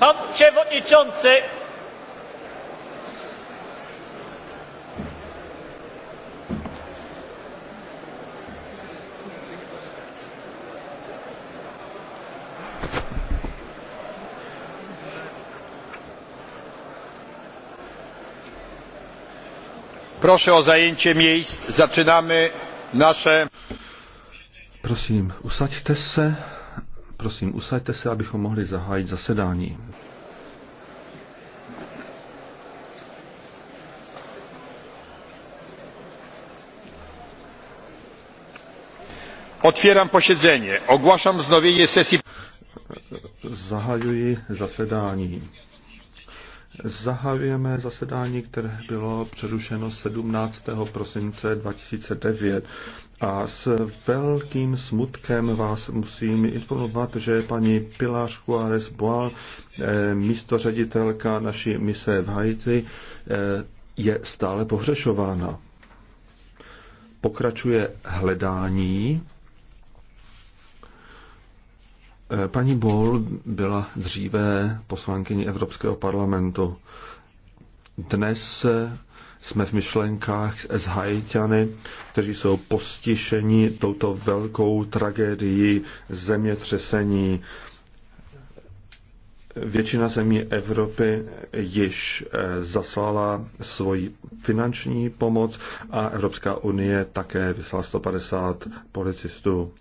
Pan przewodniczący. Proszę o zajęcie miejsc. Zaczynamy nasze. Prosím, usaďte se. Prosím, usaďte se, abychom mohli zahájit zasedání. Otvírám posedzeně. Ogłaszam znovění sesi Zahajuji zasedání. Zahajujeme zasedání, které bylo přerušeno 17. prosince 2009. A s velkým smutkem vás musím informovat, že paní Pilar Juárez Boal, eh, místo ředitelka naší mise v Haiti, eh, je stále pohřešována. Pokračuje hledání Eh, paní Bol byla dříve poslankyní Evropského parlamentu. Dnes eh, jsme v myšlenkách s Haitiany, kteří jsou postišeni touto velkou tragédií zemětřesení. Většina zemí Evropy již eh, zaslala svoji finanční pomoc a Evropská unie také vyslala 150 policistů.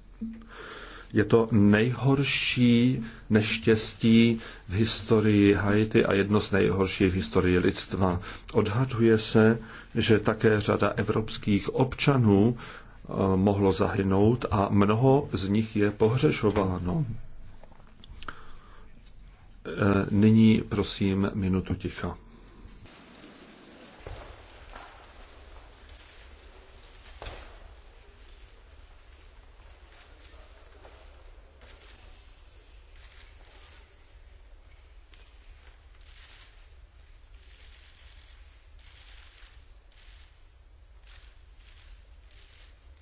Je to nejhorší neštěstí v historii Haiti a jedno z nejhorších v historii lidstva. Odhaduje se, že také řada evropských občanů eh, mohlo zahynout a mnoho z nich je pohřešováno. Eh, nyní prosím minutu ticha.